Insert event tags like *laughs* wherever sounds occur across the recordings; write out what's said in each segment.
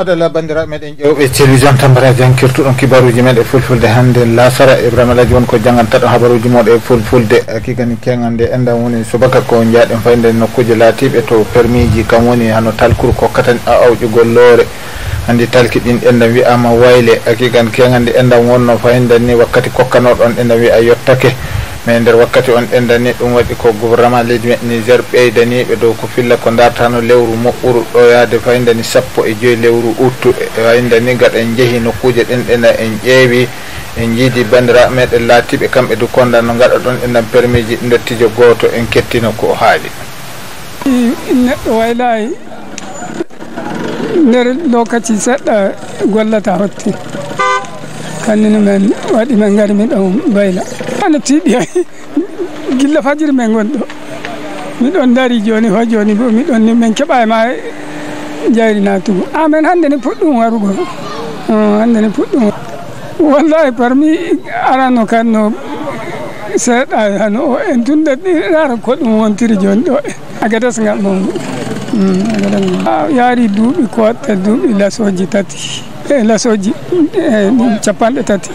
adala bandiraɓe meɗen ƴewɓe télévision tambaraji jankirtuɗon kibaruji meɗe fulfulde hannde lasara ibrahima alaji won ko janganta ɗo habaruji moɗo e fulfulde kigani kengal nde endan woni subaka ko jaaɗen fayde nokkuji laatiɓe to permis ji kam woni hano talkour kokkatani aawƴugol loore andi talki ɗin enɗam wiyama wayle hakigan kegandi enɗam wonno fayindan ni wakkati kokkanoɗon enɗam wiya yettake mais nder wakkati on ɗenɗan ni ɗum waɗi ko gouvernement leydi me niger ɓeydaniɓe dow ko filla ko dartano lewru moɓɓuru ɗo yaade fayindani sappo e joyi lewru uttu e fayindani gaɗa en jeehi nokkuje ɗen ɗena en ƴeewi en jiidi bandira meɗen laatiɓe kamɓe du konda no gaɗa ɗon enɗan permis ji dottijo goto en kettino ko haali neɗɗo waylayi nder lokaci seɗɗa gollata hotti kannino men waɗi men garmi ɗon bayla ana tiiɓi ay gilla fajiri men gonɗo miɗon dari joni ho joni bo miɗon ni min keɓa e ma jayri natugo amen ah, hannde ne puɗɗum warugo ah, hannde ne puɗɗum wallahi parmi arano kanno seeɗa e hano o en tunde ɗi rara ko ɗum wontiri joni ɗo e agadas ngal mongo yaari duuɓi koɗɗe duuɓi lasoji tati e lasoji e capanɗe tati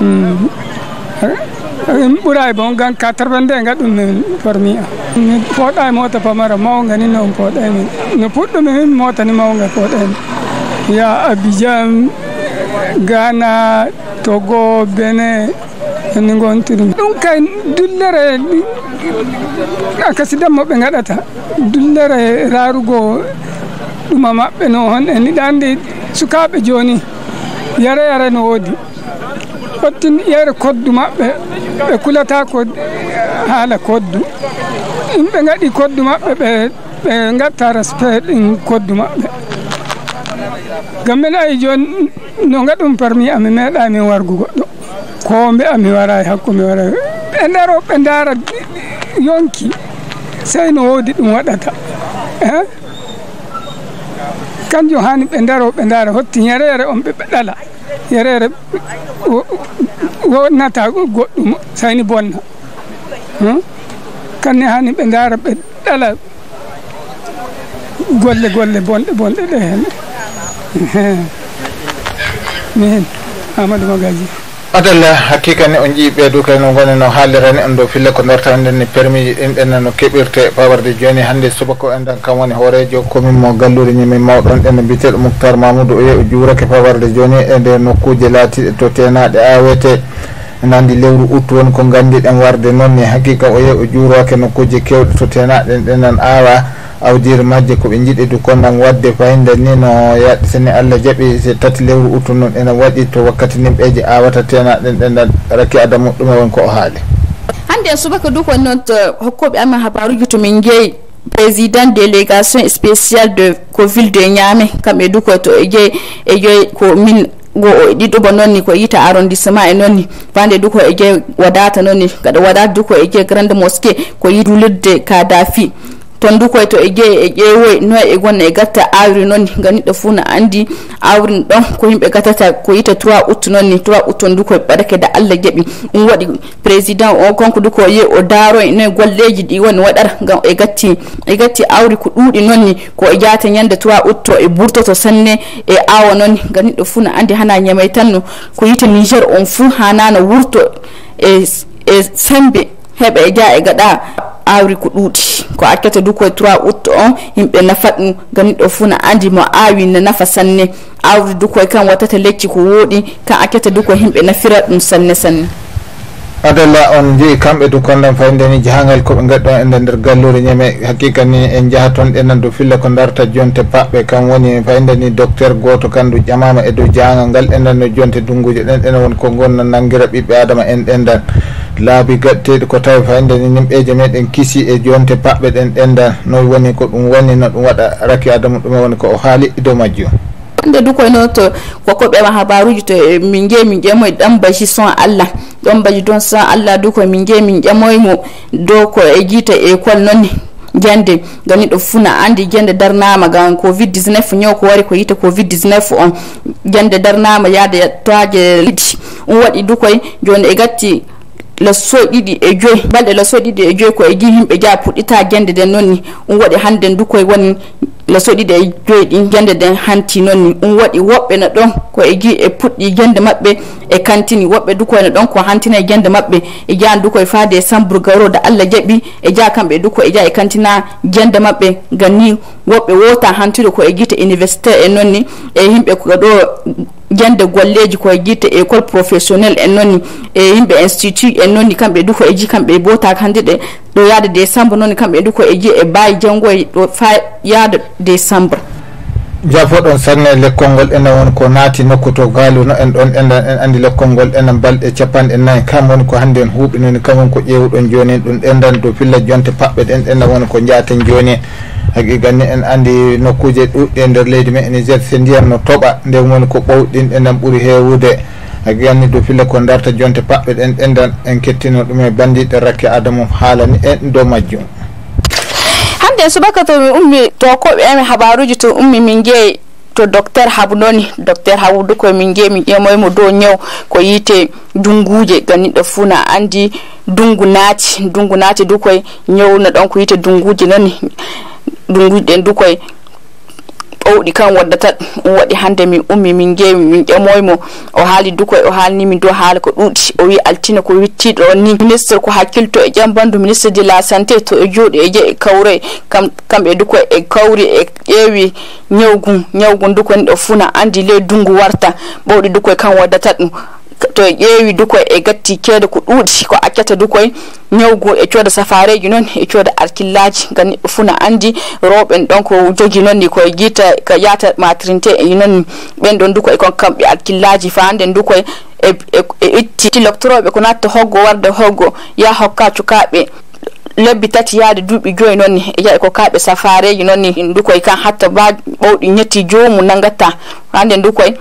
min hmm. ɓura e bon gan 4 nde ngat ɗum min parmi a mi pooɗa e moota pamara mawga ni noon pooɗa min no puɗɗumi min moota ni mawga pooɗa min ya abidjan gana togo bene ni gontiri ɗum kay dullere akasi dammoɓe gaɗata dullere rarugo ɗuma maɓɓe no hon e niɗande sukaɓe joni yara yara no woodi ottin yeyre koddu maɓɓe ɓe kulata ko haala koddu yimɓe gaɗi koddu maɓɓe ɓe ɓe gatta respect ɗin koddu maɓɓe gammen ayi joni no gaɗum parmi ami meeɗa min wargu goɗɗo ko mbe ami wara e hakku mi wara ɓe ndaro ɓe ndara yonki sey no wodi ɗum waɗata eh? kanjum hani ɓe ndaro ɓe ndara hotti yerere on ɓeɓe ɗala yerere wonata goɗɗum sayni bonna hmm? kanne hani ɓe ndara ɓe ɗala golle golle bonɗe bonɗe ɗe hen *laughs* min amadou magaji adalla hakkikani on jii ɓeeɗo kay no ngoni no haalirani on ɗo fille ko ndartaenden ni permis ji ɗin ɓenne no keɓirte pawarde jooni hannde subako enɗan kam woni hoorejo commune mo gallure ñamin mawɗon ɗen no mbiteɗo mouktar mamoudou o yo o juurake pawarde jooni e nde nokkuje laatiɗe to tenaɗe awete ene anndi lewru out woni ko nganndiɗen warde noon ni hakkika o yo o juuroake nokkuje kewɗe to tenaɗen ɗenen aawa awdire majje koɓe jiiɗi du kon nan wadde fayida ni no yaɗ sene allah jaaɓi tati lewru utu noon ene waɗi to wakkati nimɓeje awata tenaɗen ɗenɗan rakki adamu ɗum e won ko o haali hande en subaka du kon noon hokkoɓe amen habaruji tomin jeeyi président délégation spécial de ko ville de ñame kamɓe du ko to e jeeyi e joyi ko min go o e ɗiɗuɓo noon ni ko yita arrondissement e noon ni fande du ko e jeeyi waɗata noon ni kaɗa waɗata du ko e jeeyi grande mosqué ko yidulidde kadafi to ndukoy to e jeeye e ƴeewoy noye e gonna e gatta awri noon ni ngam niɗɗo fuu no anndi awri no ɗon ko yimɓe gatata ko yita trois août noon ni trois août to ndukoy ɓaɗake da allah jaɓi ɗum waɗi président o konko ndukoy yeeyi o daaroye noye golleji ɗi woni waɗata ngam e gatti e gatti awri ko ɗuuɗi noon ni ko e jaata ñande trois août to e ɓurtoto sanne e aawa noon ni ngam niɗɗo fuu no anndi hana ñamay tan no ko yito nigér on fuu hanano wurto e e sembe heɓa e jaa e gaɗa awri ko ɗuuɗi ko accata du koye 3 août on yimɓe nafat ɗum gani ɗo fuu na andi mo awi na nafa sanne awdi du koye kan wattata lecci ko wooɗi kan accata du koye yimɓe nafirat ɗum sanne sanne adalla on jeehi kamɓe du kondam fayde ni jahangal koɓe gadɗon e nder gallure ñeme haqiqa ni en jaaha toon ɗenan du filla ko darta jonte paɓɓe kam woni e fayde ni docteur goto kan du ƴamama e dow jahangal ngal ɗenan no jonte dunguji ɗen ɗena woni ko gonno nangguira ɓiɓɓe adama en ɗendan laabi gaɗteɗi ko tawi hande ni nimɓeje meɗen kiisi e jonte paɓɓe ɗen ɗenda no woni ko ɗum woni no ɗum waɗa raki adama ɗume woni ko o haali e dow majjum nde du koy noo to koko ɓewa habaruji to eh, min jeeyi min ƴemoye ɗan baji sans allah ɗon baji don sans allah du koye min jeeyi min ƴemoyemo dow ko e jiita école noonne jande gani ɗo fuuna andi jande darnama gam covid 19 ñaw ko wari ko yiita covid 19 on jande darnama yaade toaje liɗi ɗum waɗi du koye joni e gatti lasso ɗiɗi e joyi balɗe lasso ɗiɗi e joyi ko e gi yimɓe jaa puɗɗita gende den noon ni ɗum waɗi hannde ndu koye woni lasso ɗiɗi e joyi ɗin gende den hanti noon ni ɗum waɗi woɓɓe no ɗon ko e gi e puɗɗi gende maɓɓe e kantini woɓɓe dukoyeno ɗon ko hantina e gende maɓɓe e jaa nduko e faade e sambour gawroda allah jaɓi e jaa kamɓe duko e jaa e kantina gende maɓɓe gam ni woɓɓe wota hantude ko e guite universitaire e noon ni e yimɓe ko ɗo jande golleji koye guitte école professionnel en noonni e yimɓe institut en noonni kamɓe du ko eji kamɓe botak hande ɗe ɗo yaade décembre noonni kamɓe du ko eji e, e baawi janngoye ɗo fa yaada décembre jafoɗon sanne lekkol ngol ene won ko naati nokku to galuno en ɗon enen en andi lekkol ngol ene balɗe capanɗe nayyi kam woni ko hannde en huuɓinoni kam woni ko ƴeewɗon joni ɗum ɗendan do filla jonte paɓɓe ɗen ene woni ko jaaten joni haqi ganni en andi nokkuje ɗuɗɗe e nder leydi men niger se ndiyam no toɓa nde woni ko ɓowɗin enen ɓuuri heewude haqi ganni do filla ko darta jonte paɓɓe ɗen ɗendan en kettino ɗum e bandiɗe rakke adamum haalani en dow majjum okay subaka to mi ummi to koɓe ami habaruji to ummi min jeeyi to docteur habu noni docteur habudu koye min jeeyi min ƴemoyemo dow ñaw ko yiite dunguje ganiɗo fuu na andi dungu naati dungu naati du koye ñawno ɗon ko yiite dunguje noni dunguje ɗen du koye ɓowɗi kan waddata ɗum waɗi hande min ummi min gewi min ƴamoymo o haali dukoy o haalni min dow haala ko ɗuuɗi o wi altina ko wittiɗo on ni ministre ko hakkilto e jam bandu ministre de la santé to e juuɗe e jeeyi e kawroy kam kamɓe dukoy e kawri e ƴeewi ñawgu ñawgu dukoyni ɗo fuuna andi ley dungu warta ɓowɗi dukoy kan waddata ɗum to yewi duko e gatti kede ko ɗuuɗi ko accata duko e nyawgo e cooda safareji non e cooda arkillaji gan funa andi rewɓen don ko jogi non ni koye gita ko yata matrinté e noon ɓen ɗon e kon kamɓe arkillaji fanden duko e, e, e itti tiloktoroɓe ko natta hoggo warde hoggo ya hokka cukaɓe lebbi tati yaade duuɓi joyi noon ni e jaɓi ko kaɓe safareji noon ni dukoy kan hatta ba ɓowɗi ñetti jomum nangatta hande dukoy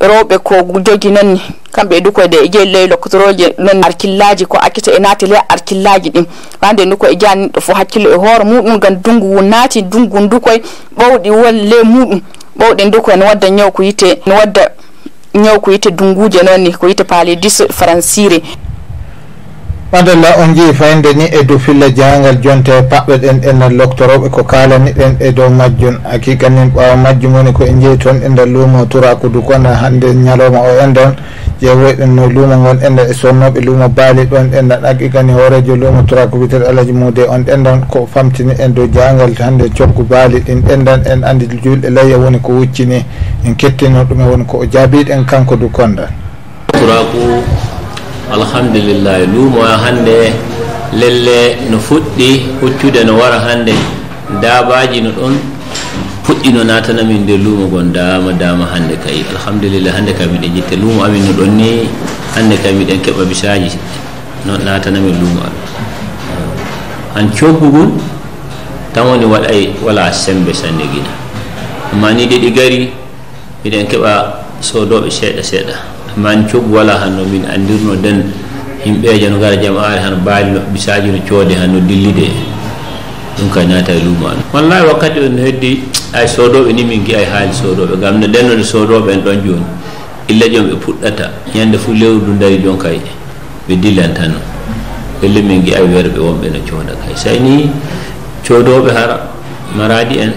rewɓe ko jogi nanni kamɓe dukoyde e jeeli ley lokotoroji nanni arkillaji ko akkita e naati le arkillaji ɗin wande nduko e jaaniɗo fo hakkille e hoore muɗum gandi ndungu wu naati ndungu ndukoye ɓowɗi wol le muɗum ɓowɗi ndukoye ne wadda ñaw ko yite ne wadda ñaw ko yite dunguji noonni ko yite paali dis francire madalla on jii fayde ni e du filla jahangal jonte e paɓɓeɗen ennder loctoroɓe ko kalaniɗen e dow majjum hakikanin ɓawa majjum woni koye jeeyi toon e nder lumo turakoudu kono hande ñalawma o en ɗon je woyɗen no lumo gon ennder e sonnoɓe lumo baali ɗon ennan hakikani hoorejo lumo turako witere alaji muude on ɗendan ko famtini en dow jahangal hande coggu baali ɗin ɗendan en andi julɗe layya woni ko wuccini en kettino ɗum e woni ko jaabiɗen kanko du konda turako alhamdulillahi lumoya hande lelle no fuɗɗi huccude no wara hande daabaji no ɗon puɗɗi no natanamin nder lumo gon dama dama hande kay alhamdulillah hande kay miɗen jitte lumo amin no ɗon ni hande kay miɗen keɓa bisaji no natanamin lumo amin han coggugol tawoni waɗay wala sembe sanne guina amma ni de ɗi gari miɗen keɓa sodoɓe seeɗa seeɗa man cogu wala hanno min andirno den yimɓeje no gara jaam are han baali no bisaji no coode han no dillide ɗum ka naata e lumano wallahi wakkati on heddi ay soodoɓe ni min gi ay haali soodoɓe gam no ndenno nde soodoɓe en ɗon joni ille joom ɓe puɗɗata ñande fo lewru ndu dari joon kay ɓe dillantano elle min gi ay werɓe wonɓe no cooda kay say ni coodoɓe hara maradi en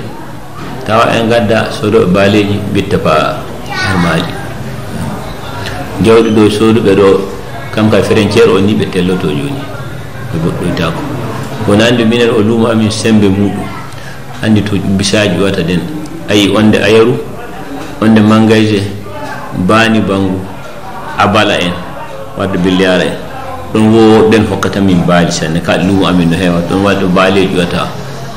tawa en gadda soodoɓe baaleji bitta pa harmaji sodu be ɗo kam ka ferenciére o ni ɓe telloto joni ɓe goɗɗoytako wona andi minen o luma amin sembe muɗum andi to bisaji wata den ayi onde ayaru onde mangaje bani bangu abala en wadde billiyara en ɗon den hokkata min baali sanne ka luumo amin no hewa ɗon waɗi ɗo baaleji wata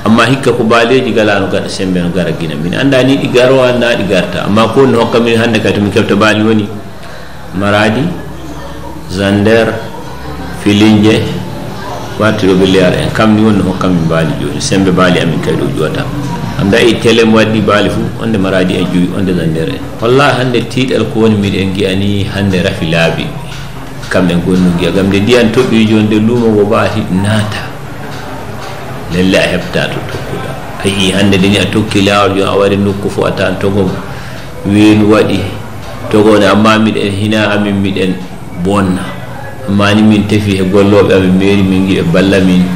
amma hikka ko baaleji gala no gaɗa sembe no gara gina min anda ni ɗi garowa na ɗi garta amma ko no hokka min hande kay to min keɓta baali woni maradi zander filinje wattiɗo ɓe leyal en kamni wonno hokkamin baali joni sembe baali amin kayi ɗo ƴuwata amda i télé mo waɗɗi baali fou onde maradi en juuwi onde zander en holla hande tiiɗal ko woni miɗen giyani hande rafi laabi kamɓen gonno giya gam nde ndiyan toɓɓi joni nde luumo go baati naata lelle a heɓta to tokkuɗa ayi hande deni a tokki laawol jon a waɗi nokku fo a tan togo weenu waɗi togode amma miɗen hina amin miɗen bonna amma ni min tefi he golloɓe amin mairi min giɓe balla min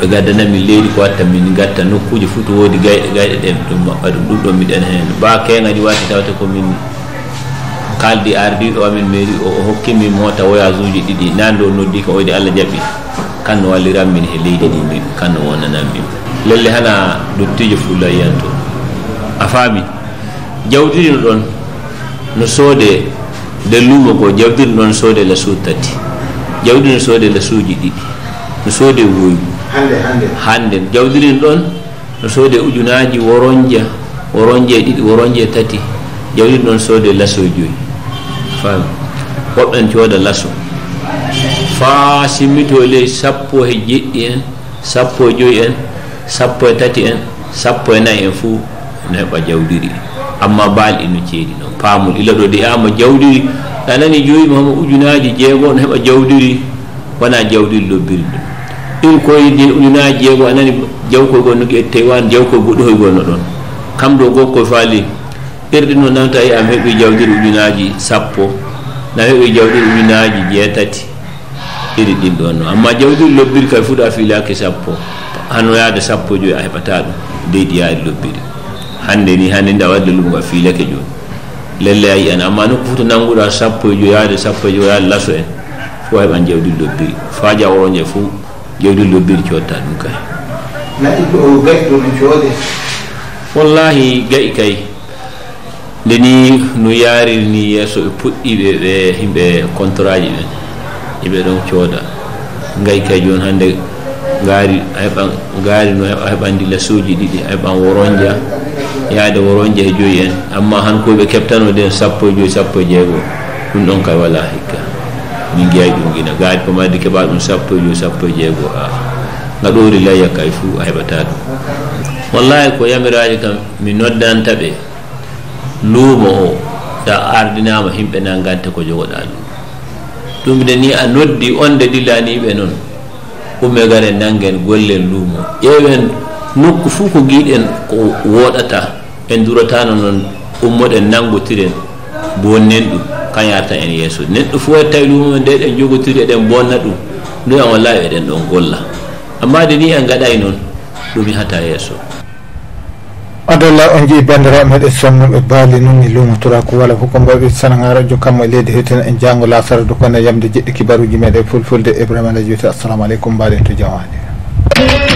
ɓe gaddana min leydi ko watta min gatta nokkuji fo to woodi gayɗe gayɗe ɗen ɗum maɓɓaɗum ɗumɗo miɗen hen ɓa kegaji wati tawte komin kaldi ardiɗo amin mairi o hokkimi mota voyage uji ɗiɗi nando noddi ka oydi allah jaɓi kanno walliranmin he leydi ndi min kanno wonanamin lelle hana dottijo fulla yiyanto a faami jawdidino ɗon no soode le luumo ko jawdir noon soode la suu tati jawdi no soode la suuji ɗiɗi no soode woygu hande jawdirin ɗon no soode ujunaaji woronja woronje ɗiɗi woronje tati jawdir noon soode laso joyi fam woɓɓen cooda laso faa simmito ley sappo e jeɗɗi en sappo e joyi en sappo e tati en sappo e nayi en fuu no heɓa jawdiri en amma baal ino ceeɗi noon paamol ila ɗo de ama jawdiri sa nani joyi mahma ujunaji jeegoo no heɓa jawdiri wona jawdiri lobbiri ɗum ɗin koyde ujunaji jeegoo a nani jawkoy gonnoki e taiwan jawkoy goɗɗo hoy gonno ɗon kam ɗo gokkoy faali ɓerɗi noon nanta yi am heɓi jawdiri ujunaji sappo na heɓi jawdiri ujunaji jeetati iri ɗin ɗon noon amma jawdiri lobbiri kay fuɗa filaki sappo hano yaade sappo joyi a heɓata ɗum deydi yaadi lobbiri hande ni hande nde a waɗi lelumo ga fiilake jooni lelle a yiyan amma nu kufuta nanguɗa sappo e joyo yaade sappo e joyo yaade laso en fo heɓan jewdi lobbiri faa jaworoje fo jewdi lobbiri cotta ɗum kay wallahi gay kay ndeni no yarir ni yesso e ɓe puɗɗiɓe ɓe yimɓe contrat ji ɓen yimɓe ɗon cooda gay kay joni hande gari aɓa gari no heɓa heɓandi lesoji ɗiɗi a heɓan woronja yaade woronje e joyi en amma han koɓe keɓtano ɗen sappo e joyi sappo e jeego ɗum ɗon kay wala hikka min giyay ɗum e gina gaadi ko madi keɓa ɗum sappo e joyi sappo e jeego a gaɗori layya kay fou a heɓata ɗum wallahi ko yamiraji kam mi noddanta ɓe luumo o sa ardinama himɓe na ganta ko jogoɗa ɗum ɗum de ni a noddi onde ɗillaniɓe noon ɓumme gare nangen gollel luumo ƴeewen nokku fou ko giɗen ko woɗata en durotano noon ummoɗen nangutiren bonnen ɗum kan yarta en yeeso neɗɗo fo e tawi lumo nde ɗen jogotiri eɗen bonna ɗum ndoya wallahi eɗen ɗon golla amma de ni en gaɗay noon ɗum yahata yeeso adolla on jii bandiraɓe meɗen sonnuɓe baali nunni lumotora ko wala e e fof ko mbawɓe sanagara jo kamma leydi hettina en jango lasara dokone yamde jeɗɗi kibaruji meɗen e fulfulde ibrahima alaji wiyte assalamu aleykum mbaɗen to jawadi